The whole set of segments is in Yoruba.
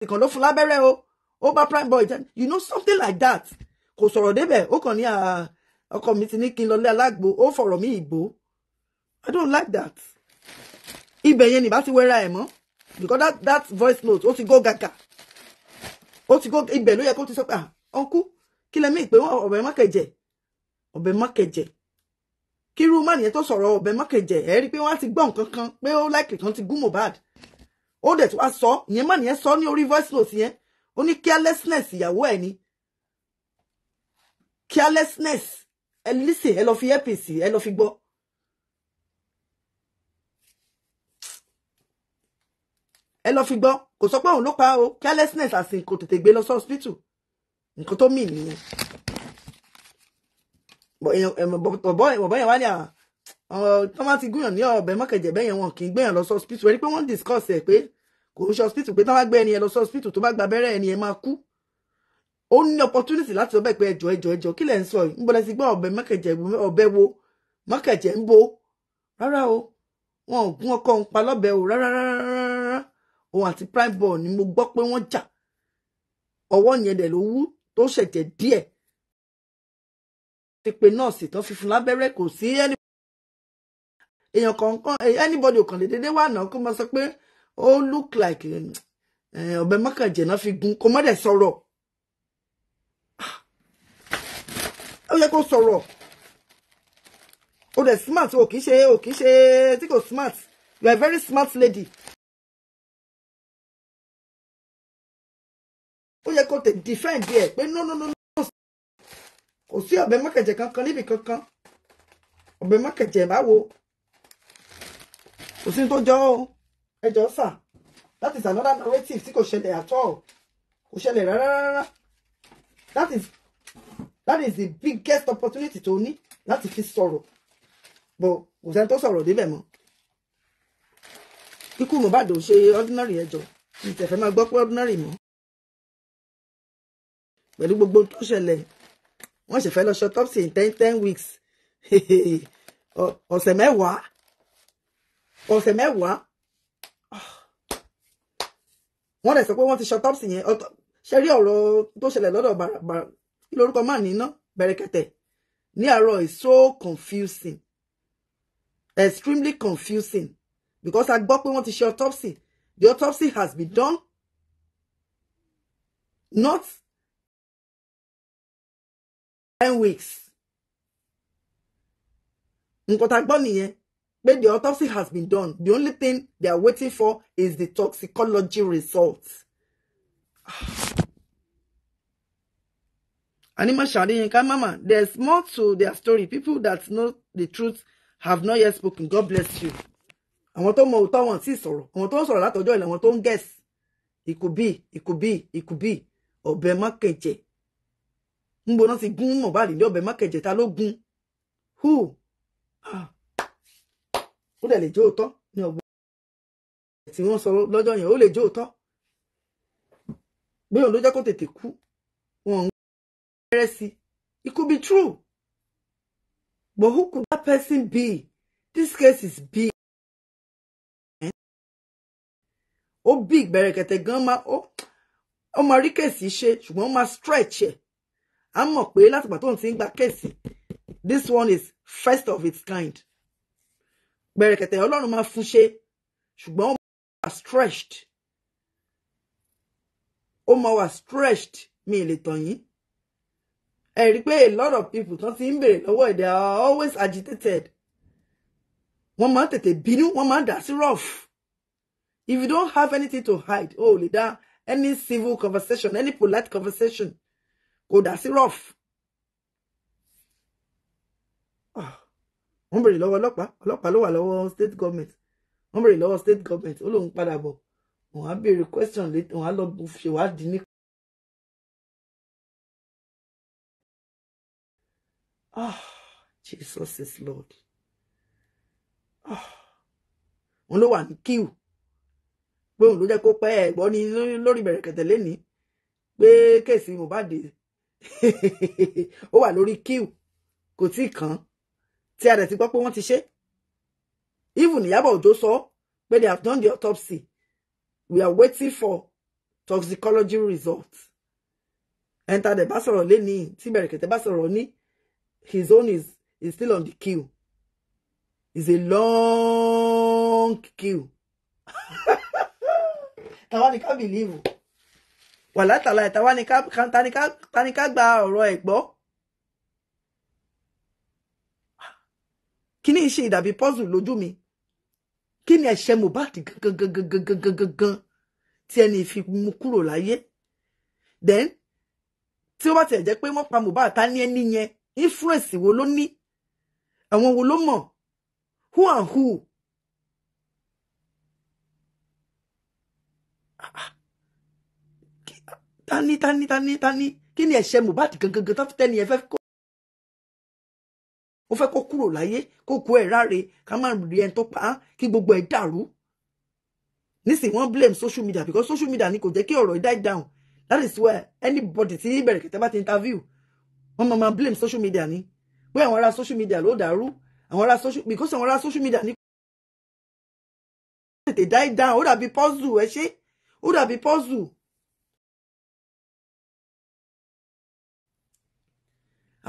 nìkan ló fún lábẹ́rẹ́ o ó bá prime boy jẹ́ you know something like that kò sọ̀rọ̀ débẹ̀ ó kàn ní ah, ọkọ mi ti ní kí n lọlé alágbo ó fọ̀rọ̀ mí ìgbó i don't like that ibẹ̀ yẹn nìbá ti wẹ́ra ẹ̀ mọ́ because that that voice note ó ti go gàkà ó ti go ibẹ̀ ló yẹ kó ti sọ pé ah ọ̀nkú kí lẹ mí pé ọ̀bẹ mọ́kẹ̀jẹ̀ ọ̀bẹ mọ́kẹ̀jẹ̀ kí irú mọ́nìyẹn tó sọ̀rọ̀ ọ̀bẹ mọ́kẹ̀jẹ̀ ẹ̀ rí i pé wọ́n á ti gbọ́ nǹkan kan pé ó láìkì kan ti gún Mohbad ó dẹ̀ tó wá sọ ìyẹn mọ̀ nìyẹn sọ ní orí voice note yẹn ó ní carelessness ìyàwó ẹ̀ ni carelessness ẹ lísì ẹ lọ fi apc ẹ lọ fi gbọ́. ẹ lọ fi gbọ́ kò sọ pé òun ló pa o carelessness àsìn kò tètè gbé lọ sí hospital nǹkan tó mì nìyẹn bọ̀bọ̀ yẹn wá ní àwọn tọ́ bá ti gúnyàn ní ọ̀bẹ mọ́kẹ̀jẹ̀ bẹ́yẹn wọn kì í gbẹ̀yàn lọ sọ́spítù ẹ̀rí pé wọ́n discuss ẹ̀ pé kò ń sọ́spítù pé tọ́ bá gbé ẹni ẹ lọ sọ́spítù tó bá gba abẹ́rẹ́ ẹni ẹ máa kú ó ní opportunity láti sọ bẹ́ẹ̀ pé ẹjọ́ ẹjọ́ ẹjọ́ kí lẹ̀ ń sọ yìí ń bọ́lẹ́ sí gbọ́ ọ̀bẹ mọ́kẹ̀jẹ̀ ọ̀bẹ wo mọ́kẹ̀jẹ̀ ń bo rárá o wọn ò gún ọkọ ń pa lọ́bẹ̀ o rárá rárá òun àti prime ball ni mo gbọ́ pé wọ́n jà ọwọ́ yẹn dẹ̀ ló wú tó ṣẹ̀jẹ̀ díẹ̀ ti pe nọ́ọ̀sì tó fi fún lábẹ́rẹ́ kò sí ẹni èèyàn kọ̀ọ̀kan eh, anybody ò kàn lè dédé wà náà kó máa sọ pé ó look like eh, eh, ọ̀bẹ mọ́kànjẹ̀ náà fi gun kó má dẹ̀ sọ̀rọ̀ ah! ó yẹ kó sọ̀rọ̀ o dẹ̀ smart o kì í ṣe o kì í ṣe tí kò smart you are a very smart lady. ó yẹ kó tè defend ẹ pé no no no no kò sí ọ̀bẹ mọ́kànjẹ̀ kankan níbi kankan ọ̀bẹ mọ́kànjẹ̀ báwo kò sí tó jọ ó ẹjọ́ sà that is another narrative tí kò ṣẹlẹ̀ at all kò ṣẹlẹ̀ rárá rárá that is that is the biggest opportunity tó ní láti fi sọ̀rọ̀ bọ̀ kò sẹ́ni tó sọ̀rọ̀ débẹ̀ mọ́ ikú Mohbad ò ṣe ordinary ẹjọ́ ní tẹ̀fẹ́ máa gbọ́ pé ordinary mọ́ pẹ̀lú gbogbo tó ṣẹlẹ̀ wọ́n ṣẹ̀fẹ́ lọ ṣe autopsy in ten ten weeks ọ̀sẹ̀ mẹ́wàá ọ̀sẹ̀ mẹ́wàá wọ́n dẹ̀ sọ pé wọ́n ti ṣọtọ́psì yẹn ṣe rí ọ̀rọ̀ tó ṣẹlẹ̀ lọ́dọ̀ bàràbàrà kí lórúkọ máa níná bẹ̀rẹ̀kẹ̀tẹ̀ ní àárọ̀ is so confusing extremely confusing because a gbọ́ pé wọ́n ti ṣe autopsy the autopsy has been done not ten weeks nǹkan tá a gbọ́ nìyẹn But the autopsy has been done. The only thing they are waiting for is the toxicology results. Anima Shadiyinka Mama, there's more to their story. People that know the truth have not yet spoken. God bless you. Àwọn tó mọ òótọ́ wọn sì sọ̀rọ̀. Àwọn tó ń sọ̀rọ̀ látọjọ́ ìlẹ̀ àwọn tó guess. It could be, it could be, it could be. Ọ̀bẹ mọ́kẹ̀jẹ̀. Ń gbóná Who? Ah ó dẹ̀ lè jó òótọ́ ní ọgbọ́n tí wọ́n sọ lọ́jọ́ yẹn ó lè jó òótọ́ gbéyàn ló jẹ́ kó tètè kú wọn ń gbẹ́rẹ́ sí it could be true but who could that person be this case is big ó bí ìgbẹ̀rẹ̀kẹ̀tẹ̀ gan máa ó máa rí kèsì ṣe ṣùgbọ́n ó máa stretch ẹ̀ á mọ̀ pé látìgbà tóun ti ń gba kèsì this one is first of its kind gbẹ̀rẹ̀kẹ̀tẹ̀ Ọlọ́run máa fún ṣe ṣùgbọ́n ó máa stretched ó máa wà stretched mi ì lè tàn yín ẹ rí i pé a lot of people tán ti ń béèrè lọ́wọ́ ẹ̀ they are always agitated wọ́n máa ń tètè bínú wọ́n máa ń sí rough if you don't have anything to hide o ò lè dá any civil conversation any polite conversation kò dá sí rough wọ́n béèrè lọ́wọ́ ọlọ́pàá ọlọ́pàá ló wà lọ́wọ́ state government wọ́n béèrè lọ́wọ́ state government ó lóun padà bọ̀ wọ́n á béèrè question later wọ́n á lọ ṣèwádìí ní. ah jesus is lord ah òun ló wà ní kíw pé òun ló jẹ́ kó pẹ́ ẹ̀gbọ́n ní lórí bẹ̀rẹ̀ kẹ̀tẹ̀ lẹ́ni pé kèsì Mohbad ó wà lórí kíw kò tí kàn án tí a dẹ̀ ti gbọ́ pé wọ́n ti ṣe even Ìyábọ̀ Òjó sọ pé they have done the autopsy we are waiting for toxicology result Enter the bá sọ̀rọ̀ lẹ́ni tí Bẹ̀rẹ̀kẹ̀tẹ̀ bá sọ̀rọ̀ ní his own is, is still on the queue is a long queue tàwa ni ká bìlíìvù wàhálà tàwa ni ká gba ọ̀rọ̀ ẹ̀ gbọ́. kíní ṣe ìdàbí puzzle lójú mi kí ni ẹ̀ṣẹ̀ Mohbad gangan gangan gangan gangan tí ẹni fi mú kúrò láyé then tí ó bá tiẹ̀ jẹ́ pé wọ́n pa Mohbad ta ní ẹni yẹn influence wo ló ní àwọn wo ló mọ̀ who and who. tani tani tani tani kí ni ẹ̀ṣẹ̀ Mohbad gangan gangan tó fi tẹ́ni ẹ fẹ́ kó ó fẹ́ kó kúrò láyé kó kó ẹ̀ ráre ká má rí ẹni tó pa á kí gbogbo ẹ̀ dàrú nísìnyí wọ́n blame social media because social media ni kò jẹ́ kí ọ̀rọ̀ ẹ̀ die down that is why anybody ti bẹ̀rẹ̀ kẹtẹ́ bá ti interview wọ́n máa máa blame social media ni pé àwọn ará social media ló dàrú àwọn ará social because àwọn ará social media ni kò tètè die down ó dàbí puzzle ẹ ṣe ó dàbí puzzle.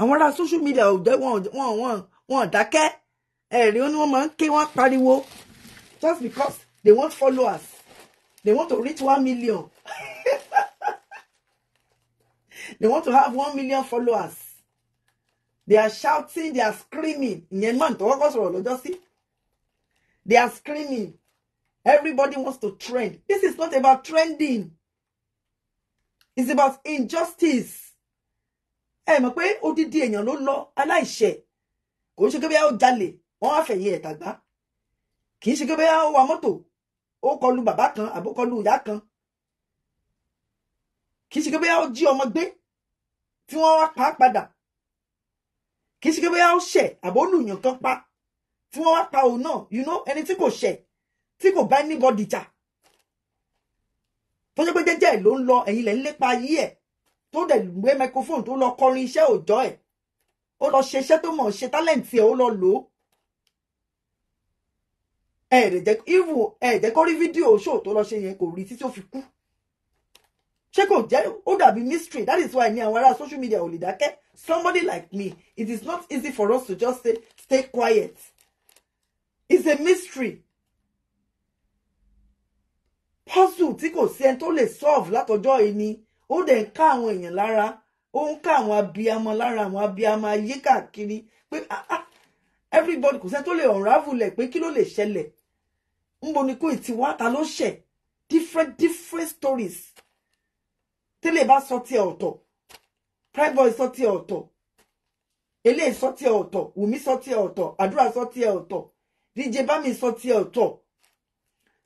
àwọn ará social media ò jẹ́ wọn wọn wọn wọn dákẹ́ ẹ̀rí ó ní wọ́n máa ń ké wọ́n pariwo just because they want followers they want to reach one million they want to have one million followers they are shouting they are screaming ìyẹn náà tó kọ́kọ́ sọ̀rọ̀ lọ́jọ́ sí they are screaming everybody wants to trend this is not about trending it's about injustice ẹ mọ̀ pé odidi èèyàn ló lọ aláìṣẹ̀ kò ń ṣe kébé ó jalè wọ́n á fẹ̀yìn ẹ̀ tàgbá kì í ṣe kébé ó wa mọ́tò ó kọlu bàbá kan àbó kọlu ìyá kan kì í ṣe kébé ó jí ọmọ gbé tí wọ́n wá pa padà kì í ṣe kébé ó ṣẹ̀ àbó lùyàn kan pa tí wọ́n wá pa òun náà you know ẹni tí kò ṣẹ̀ tí kò bá anybody jà tó ṣe pé jẹ́jẹ́ ló ń lọ ẹ̀yin lẹ ń lépa ayé ẹ̀ tó dẹ̀ gbé microphone tó lọ kọrin iṣẹ́ òòjọ́ ẹ̀ ó lọ ṣe iṣẹ́ tó mọ̀ ṣe talent ẹ̀ ó lọ lò ó ẹ̀ dẹ̀ jẹ́ even ẹ̀ jẹ́ kó rí fídíò show tó lọ ṣe yẹn kò rí títí ó fi kú ṣé kò jẹ́ ó dàbí mystery that is why ní àwọn ará social media ò lè dákẹ́ somebody like me it is not easy for us to just say stay quiet it's a mystery puzzle tí kò sí ẹni tó lè solve látọjọ́ yìí ni ó dẹ̀ ń ká àwọn èèyàn lára ó ń ká àwọn abiyamọ lára àwọn abiyamọ ayé káàkiri pé ah ah everybody kò sẹ́ni tó lè unravel pé kí ló lè ṣẹlẹ̀ ńbo ni kò tí wá ta ló ṣẹ̀ different different stories tẹ́lẹ̀ bá sọ tiẹ̀ ọ̀tọ̀ prime boy sọ tiẹ̀ ọ̀tọ̀ eléyìí sọ tiẹ̀ ọ̀tọ̀ wùmí sọ tiẹ̀ ọ̀tọ̀ àdúrà sọ tiẹ̀ ọ̀tọ̀ díje bámi sọ tiẹ̀ ọ̀tọ̀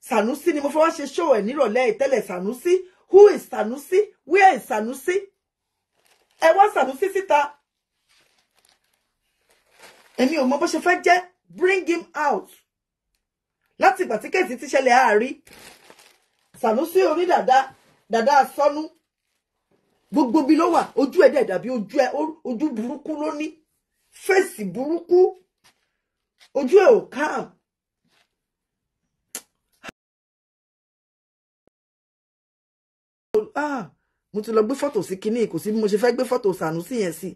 sànúsí ni mo fẹ́ wá ṣe ṣó ẹ̀ nírọ̀lẹ́ ìtẹ́lẹ̀ sànúsí Who is Sanusi? Where is Sanusi? Ẹ wá Sanusi síta. Emi omo, mọ bó ṣe fẹ́ bring him out. Láti ìgbà tí kéèsì ti ṣẹlẹ̀ ari. Sanusi orí dàda dàda sọnù. Gbogbo bi ló wà ojú ẹ̀ dẹ̀ dàbí oju ẹ̀ ojú burúkú ló ní. Fèsì burúkú. Ojú ẹ̀ ò calm. ah mo ti lọ gbé fọ́tò sí kinní kò sí bí mo ṣe fẹ́ gbé fọ́tò Sanusi yẹn sí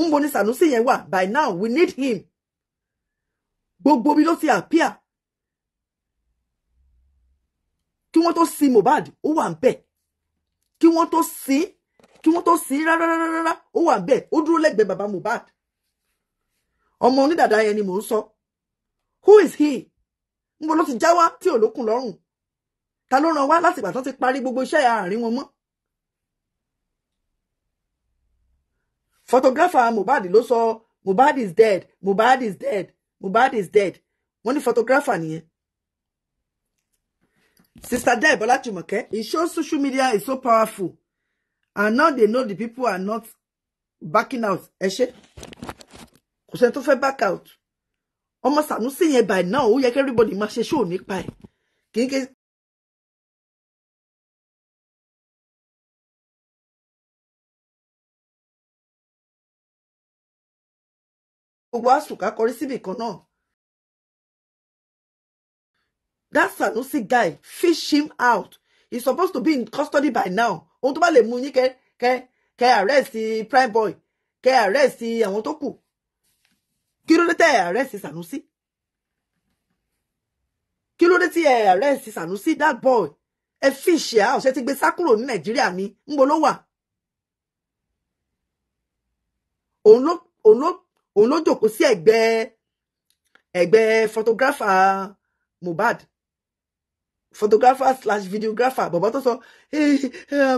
ń bo ni Sanusi yẹn wà by now we need him gbogbo mi ló ti appear kí wọ́n tó sin Mohbad ó wà ń bẹ̀ kí wọ́n tó sin kí wọ́n tó sin rárá rárá rárá ó wà ń bẹ̀ ó dúró lẹ́gbẹ̀ẹ́ bàbá Mohbad ọmọ onídàáda yẹn ni mò ń sọ who is he ń bo ló ti já tí ò lọ́rùn ta ló ràn wá láti ìgbà tó ti parí gbogbo iṣẹ́ àárín wọn mọ́. photographer Mohbad ló sọ Mohbad is dead Mohbad is dead Mohbad is dead wọ́n ní photographer nìyẹn. Sister Deb Olajumoke, it shows social media is so powerful. And now they know the people are not backing out. Ẹ ṣé. Kò sẹ́ni tó fẹ́ back out. Ọmọ Sànúsì yẹn by now, ó yẹ kí everybody máa ṣe ṣóò nípa ẹ̀. Kì í gbogbo àsùká kọrí síbì kan náà that Sanusi guy fish him out he's supposed to be in custody by now ohun tó bá lè mú yín kẹ kẹ kẹ arrest prime boy kẹ arrest àwọn tó kù kí ló dé tẹ arrest Sanusi kí ló dé tí ẹ arrest Sanusi that boy ẹ fish out ṣe ti gbé sá kúrò ní Nàìjíríà ni ńbo ló wà òun òun ló òun ló jòkó sí ẹ̀gbẹ́ ẹ̀gbẹ́ photographer Mohbad photographer slash videographer bàbá tó sọ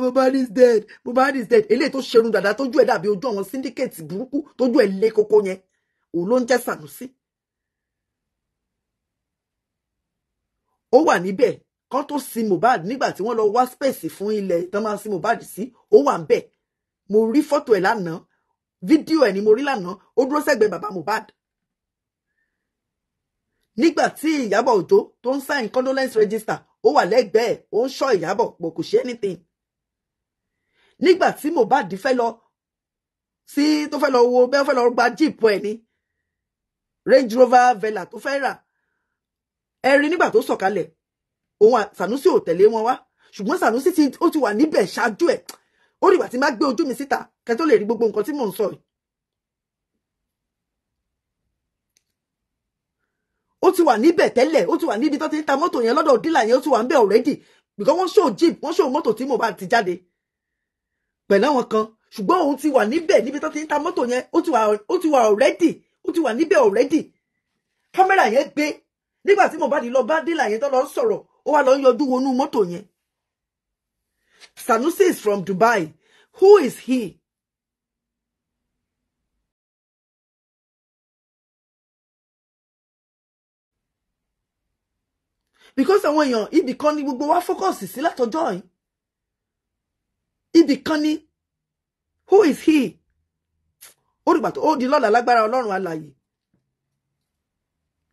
Mohbad is dead Mohbad is dead eléyìí tó ṣerun dàda tójú ẹ̀ dàbí ojú àwọn syndicate burúkú tójú ẹ̀ lé koko yẹn òun ló ń jẹ́ Sànúsí. ó wà níbẹ̀ kan tó sin Mohbad nígbà tí wọ́n lọ wá space fún ilẹ̀ tán máa sin Mohbad sí ó wà ń bẹ̀ mo rí fọ́tò ẹ̀ lánàá fídíò ẹ̀ ni mo rí lánàá ó dúró sẹ́gbẹ̀ẹ́ bàbá Mohbad nígbà tí Ìyábọ̀ Òjó tó ń sign condolence register ó wà lẹ́gbẹ̀ẹ́ ó ń ṣọ́ Ìyábọ̀ pò kò ṣe anything nígbà tí Mohbad fẹ́ lọ sí tó fẹ́ lọ wo bẹ́ẹ̀ fẹ́ lọ gba jíìpù ẹ̀ ní Range Rover Vela tó fẹ́ rà ẹ rí nígbà tó sọ̀kalẹ̀ òun Sanusi ò tẹ̀lé wọn wá ṣùgbọ́n Sanusi ó ti wà níbẹ̀ ṣáájú ẹ̀ ó rí ìgbà tí má gbé ojú mi síta kẹ́ tó lè rí gbogbo nǹkan tí mò ń sọ yìí. ó ti wà níbẹ̀ tẹ́lẹ̀ ó ti wà níbi tó ti ń ta mọ́tò yẹn lọ́dọ̀ dílà yẹn ó ti wà níbẹ̀ already because wọ́n show jeep wọ́n show mọ́tò tí Mohbad ti jáde pẹ̀lú àwọn kan ṣùgbọ́n òun ti wà níbẹ̀ níbi tó ti ń ta mọ́tò yẹn ó ti wà already ó ti wà níbẹ̀ already kámẹ́rà yẹn gbé nígbà tí Mohbad lọ bá dílà yẹn tó lọ sọ̀rọ̀ ó wá lọ yọjú wọnú mọ́tò yẹn Sanusi is from Dubai. Who is he? because àwọn èèyàn ibì kan ni gbogbo wa focus sí látọjọ́ yìí ibì kan ni who is he ó dìgbà tó ó di lọ́la lágbára ọlọ́run alàyè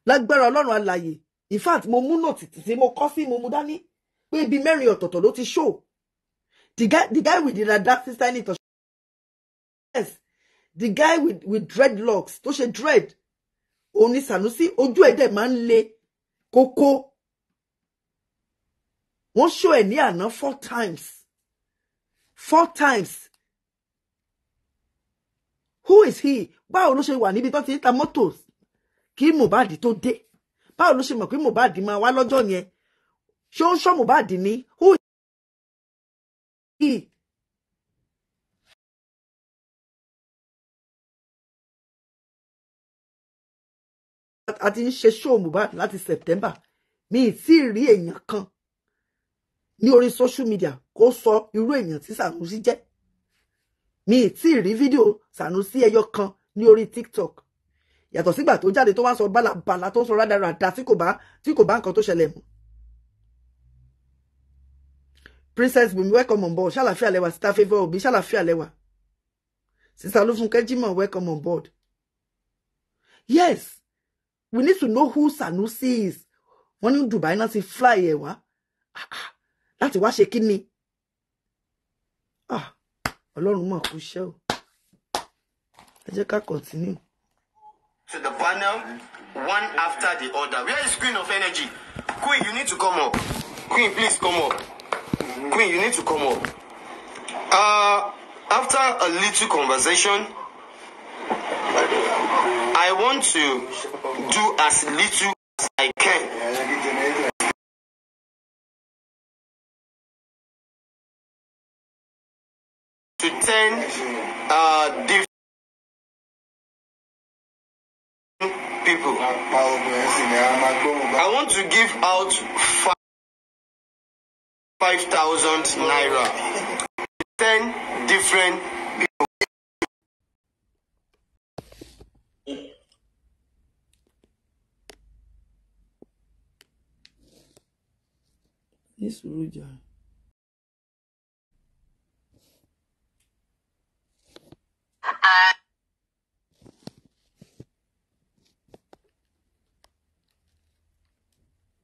lágbára ọlọ́run alàyè in fact mo mú nọ́ọ̀tì tí mo kọ́ sí mo mú dání pé ibi mẹ́rin ọ̀tọ̀ọ̀tọ̀ ló ti show The guy, the guy with the radar sister ni to Yes. The guy with with dreadlocks tó ṣe dread. Oni Sanusi ojú ẹ̀ man le koko. Wọ́n show ẹ̀ ní àná four times. Four times. Who is he? Báwo ló ṣe wà níbi tó ti ń ta mọ́tò kí Mohbad tó dé? Báwo ló ṣe mọ̀ pé Mohbad máa wá lọ́jọ́ yẹn? Ṣé ó ń ṣọ́ Mohbad ni? Who ti. a ti ń ṣe ṣóò Mohbad láti September mi ì tí ì rí èèyàn kan ní orí social media kó sọ irú èèyàn tí Sanusi jẹ́ mi ì tí ì rí fídíò Sanusi ẹyọ kan ní orí TikTok yàtọ̀ sígbà tó jáde tó wá sọ bálabàla tó ń sọ rádaràda tí kò bá tí kò bá nǹkan tó ṣẹlẹ̀ mọ́ princess bùnmi welcome on board Shall I ṣàlàfíà lẹwà sister favour òbí ṣàlàfíà lẹwà sister olúfúnkẹ́ jimoh welcome on board yes we need to know who sanusi is wọ́n ní dubai náà ti fly ẹ̀ wá ah, ah, láti wá ṣe kí ni ah, ọlọ́run mọ̀ kú ṣẹ́ o ẹ jẹ́ ká continue. to the panel one after the other where is queen of energy queen you need to come up queen please come up. Queen, you need to come up. Uh, after a little conversation, I want to do as little as I can. To turn uh, different people. I want to give out five. Five thousand naira. Ten different people. This Ruja.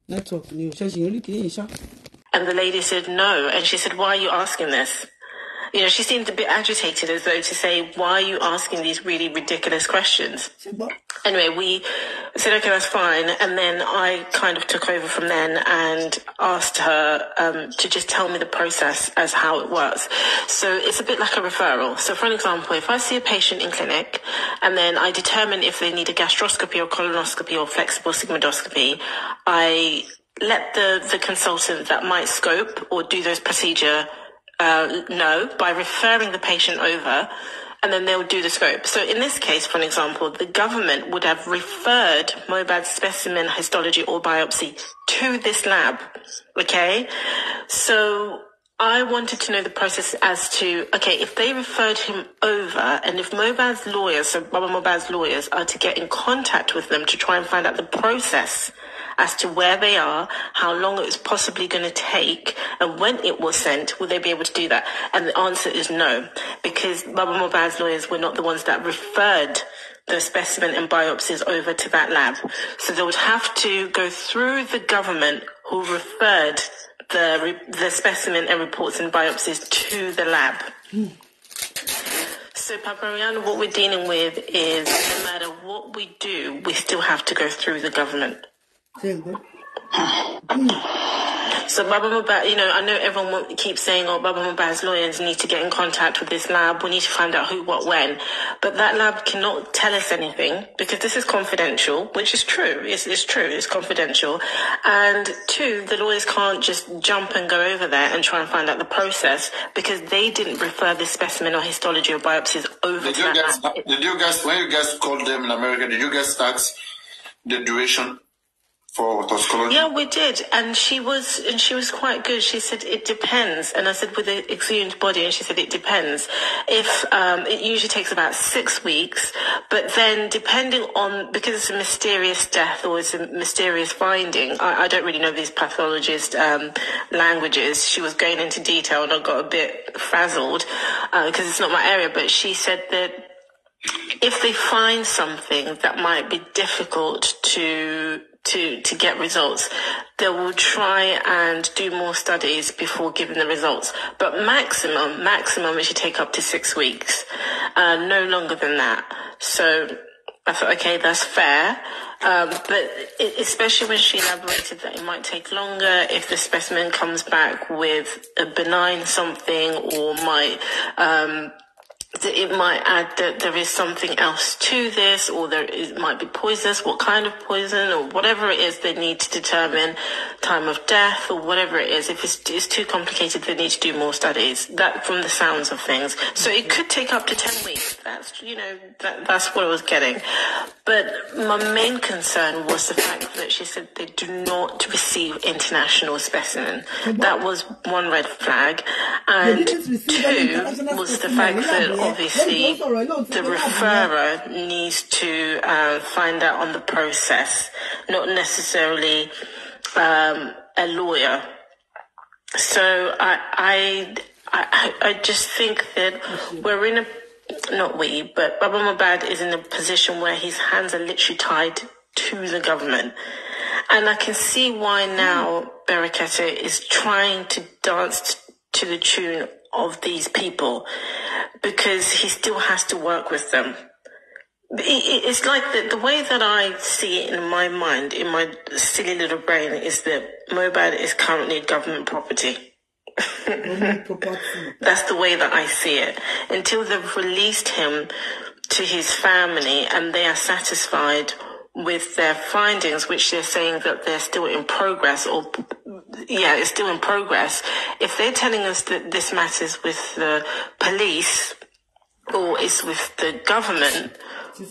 Network ni o ṣe ṣe orí kìí ṣá. And the lady said, no. And she said, why are you asking this? You know, she seemed a bit agitated as though to say, why are you asking these really ridiculous questions? Anyway, we said, okay, that's fine. And then I kind of took over from then and asked her um, to just tell me the process as how it works. So it's a bit like a referral. So for an example, if I see a patient in clinic and then I determine if they need a gastroscopy or colonoscopy or flexible sigmoidoscopy, I let the, the consultant that might scope or do those procedure uh, know by referring the patient over and then they'll do the scope. So in this case, for an example, the government would have referred Mobad's specimen histology or biopsy to this lab. Okay. So I wanted to know the process as to, okay, if they referred him over and if Mobad's lawyers, so Baba Mobad's lawyers are to get in contact with them to try and find out the process as to where they are, how long it's possibly going to take, and when it was sent. Will they be able to do that? And the answer is no, because Baba Mobad's lawyers were not the ones that referred the specimen and biopsies over to that lab. So they would have to go through the government who referred the, the specimen and reports and biopsies to the lab. So, Paparian, what we're dealing with is no matter what we do, we still have to go through the government so Baba Mubad, you know, I know everyone keeps saying, oh, Baba Mubad's lawyers need to get in contact with this lab. We need to find out who, what, when. But that lab cannot tell us anything because this is confidential, which is true. It's, it's true. It's confidential. And two, the lawyers can't just jump and go over there and try and find out the process because they didn't refer this specimen or histology or biopsies over did to you that guys, lab. Did you guys, when you guys called them in America, did you guys ask the duration for toxicology? Yeah, we did, and she was and she was quite good. She said it depends, and I said with an exhumed body, and she said it depends. If um, it usually takes about six weeks, but then depending on because it's a mysterious death or it's a mysterious finding, I, I don't really know these pathologist um, languages. She was going into detail, and I got a bit frazzled because uh, it's not my area. But she said that if they find something that might be difficult to to, to get results. They will try and do more studies before giving the results. But maximum, maximum, it should take up to six weeks, uh, no longer than that. So I thought, okay, that's fair. Um, but it, especially when she elaborated that it might take longer if the specimen comes back with a benign something or might um, it might add that there is something else to this or there is, might be poisonous what kind of poison or whatever it is they need to determine time of death or whatever it is if it's, it's too complicated they need to do more studies that from the sounds of things so it could take up to 10 weeks that's you know that, that's what i was getting but my main concern was the fact that she said they do not receive international specimen that was one red flag and two was the fact that obviously the referrer needs to uh, find out on the process, not necessarily um, a lawyer. So I, I, I, I just think that we're in a not we, but Baba Mubad is in a position where his hands are literally tied to the government. And I can see why now hmm. Berekete is trying to dance to the tune of these people because he still has to work with them. It's like the, the way that I see it in my mind, in my silly little brain, is that Mobad is currently government property. That's the way that I see it. Until they've released him to his family and they are satisfied with their findings, which they're saying that they're still in progress or yeah, it's still in progress. If they're telling us that this matters with the police or it's with the government,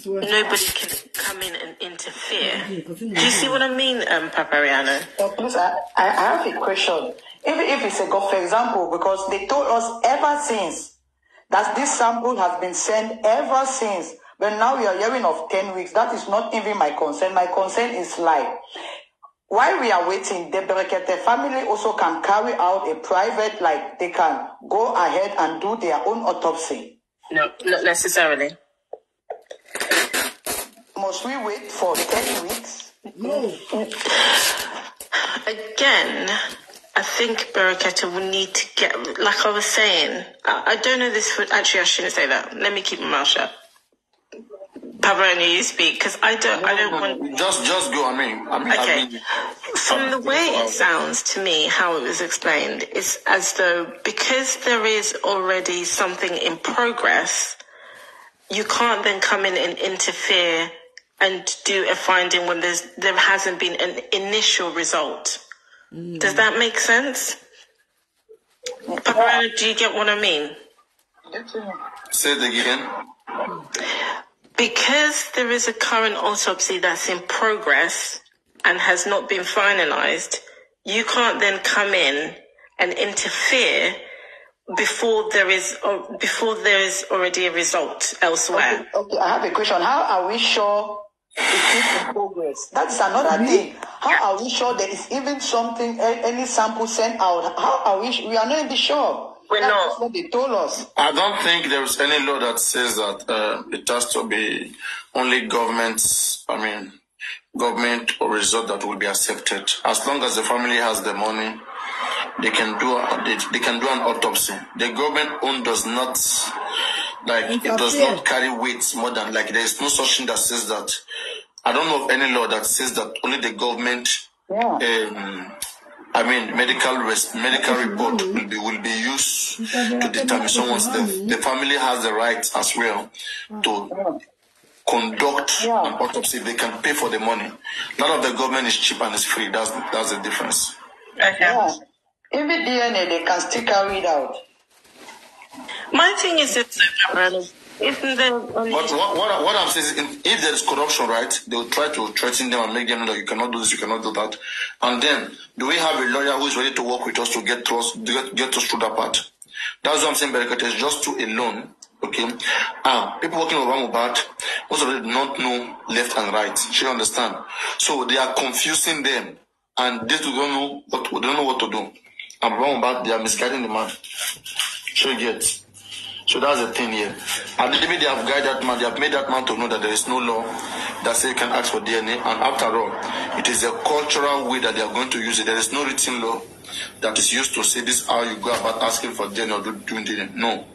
nobody can come in and interfere. Do you see what I mean, um, Papariano? Because I, I have a question. If, if it's a go, for example, because they told us ever since that this sample has been sent ever since, but now we are hearing of 10 weeks. That is not even my concern. My concern is life. While we are waiting, the Berekete family also can carry out a private, like they can go ahead and do their own autopsy. No, not necessarily. Must we wait for 10 weeks? No. Again, I think Berketa will need to get, like I was saying, I, I don't know this for, actually I shouldn't say that. Let me keep my mouth shut. Abroni, you speak because I don't. No, I don't no, want. Just, just go. I mean, I mean. Okay. I mean, From the way it sounds to me, how it was explained, it's as though because there is already something in progress, you can't then come in and interfere and do a finding when there's there hasn't been an initial result. Mm. Does that make sense? Yeah. do you get what I mean? Say it again. Because there is a current autopsy that's in progress and has not been finalized, you can't then come in and interfere before there is uh, before there is already a result elsewhere. Okay, okay, I have a question. How are we sure it is in progress? That is another really? Mm-hmm. thing. How are we sure there is even something any sample sent out? How are we? We are not even sure. We know. That's what they told us. I don't think there is any law that says that uh, it has to be only governments, I mean, government or resort that will be accepted. As long as the family has the money, they can do a, uh, they, they can do an autopsy. The government own does not like it does not carry weight more than like there is no such thing that says that. I don't know of any law that says that only the government yeah. um, I mean, medical rest, medical report will be will be used to determine someone's death. The family has the right as well to conduct an autopsy. They can pay for the money. None of the government is cheap and it's free. That's that's the difference. Okay. Yeah. Even DNA, they can still carry it out. My thing is, it's but what, what, what I'm saying is, if there is corruption, right, they will try to threaten them and make them know that you cannot do this, you cannot do that. And then, do we have a lawyer who is ready to work with us to get through us, get, get us through that part? That's what I'm saying, Berikat, is just too alone. Okay. Ah, people working with Mubad, most of them do not know left and right. She understand. So they are confusing them and they don't know what, they don't know what to do. And Mubad, they are misguiding the man. She gets. So that's the thing here. And maybe they have guided that man, they have made that man to know that there is no law that says you can ask for DNA. And after all, it is a cultural way that they are going to use it. There is no written law that is used to say this is how you go about asking for DNA or doing DNA. No.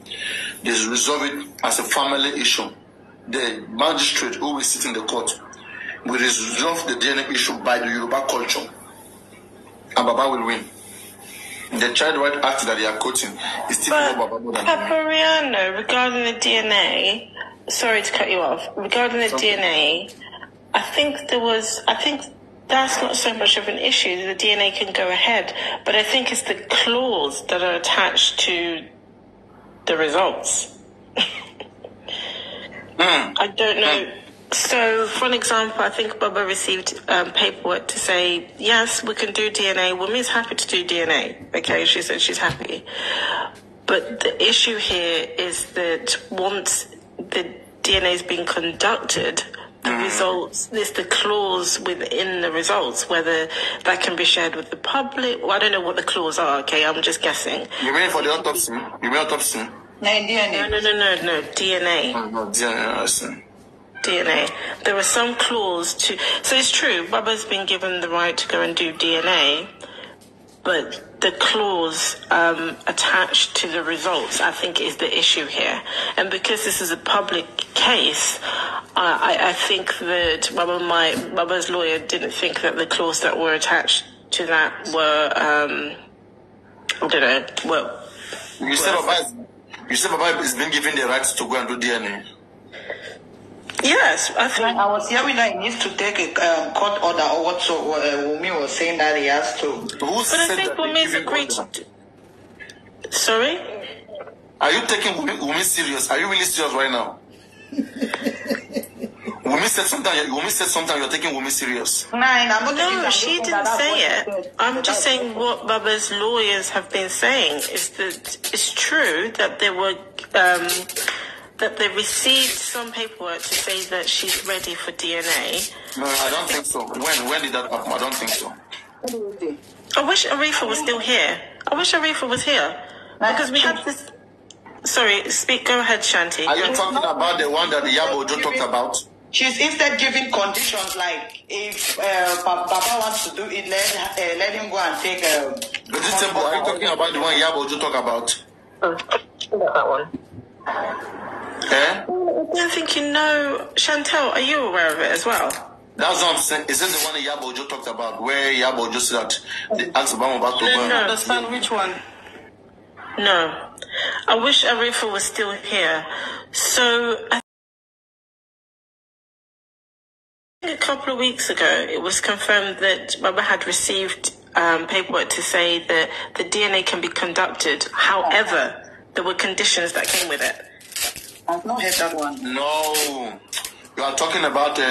They resolve it as a family issue. The magistrate who will sit in the court will resolve the DNA issue by the Yoruba culture. And Baba will win. The child act that they are quoting is still but more than Papariano, regarding the DNA, sorry to cut you off, regarding the Something. DNA, I think there was, I think that's not so much of an issue. The DNA can go ahead, but I think it's the claws that are attached to the results. mm. I don't know. Mm. So, for an example, I think Bubba received um, paperwork to say, yes, we can do DNA. Woman's happy to do DNA. Okay, she said she's happy. But the issue here is that once the DNA is being conducted, the mm. results, there's the clause within the results, whether that can be shared with the public. Well, I don't know what the clause are, okay? I'm just guessing. You mean for the autopsy? You mean autopsy? No, DNA. No, no, no, no, no. DNA. Oh, no, DNA, DNA. There are some clauses to. So it's true, Baba's been given the right to go and do DNA, but the clause um, attached to the results, I think, is the issue here. And because this is a public case, I, I think that Baba, my, Baba's lawyer didn't think that the clause that were attached to that were, um, I don't know, well. You said Baba has been given the right to go and do DNA. Yes, I think. I was hearing that he needs to take a um, court order or what so uh, Wumi was saying that he has to. Who but I think Wumi is a great. Sorry? Are you taking Wumi, Wumi serious? Are you really serious right now? Wumi said something. Wumi said something. You're taking Wumi serious. Nine. I'm no, she didn't say it. I'm just saying what Baba's lawyers have been saying is that it's true that there were um, that they received some paperwork to say that she's ready for DNA. No, I don't think so. When when did that happen? I don't think so. I wish Arifa was still here. I wish Arifa was here because we had this. Sorry, speak. Go ahead, Shanti. Are you talking about the one that Yabojo talked about? She's instead giving conditions like if uh, Papa wants to do it, let, uh, let him go and take. Uh, um, Vegetable. Are you talking about the one Yabo talked about? About oh, that one do eh? I think you know. Chantel, are you aware of it as well? That's not. Is it the one Yabojo talked about, where Yabojo said that asked Obama about to no, no. understand which one? No. I wish Arifa was still here. So I think a couple of weeks ago, it was confirmed that Baba had received um, paperwork to say that the DNA can be conducted. However, there were conditions that came with it. I've not heard that one. No, you are talking about. Uh,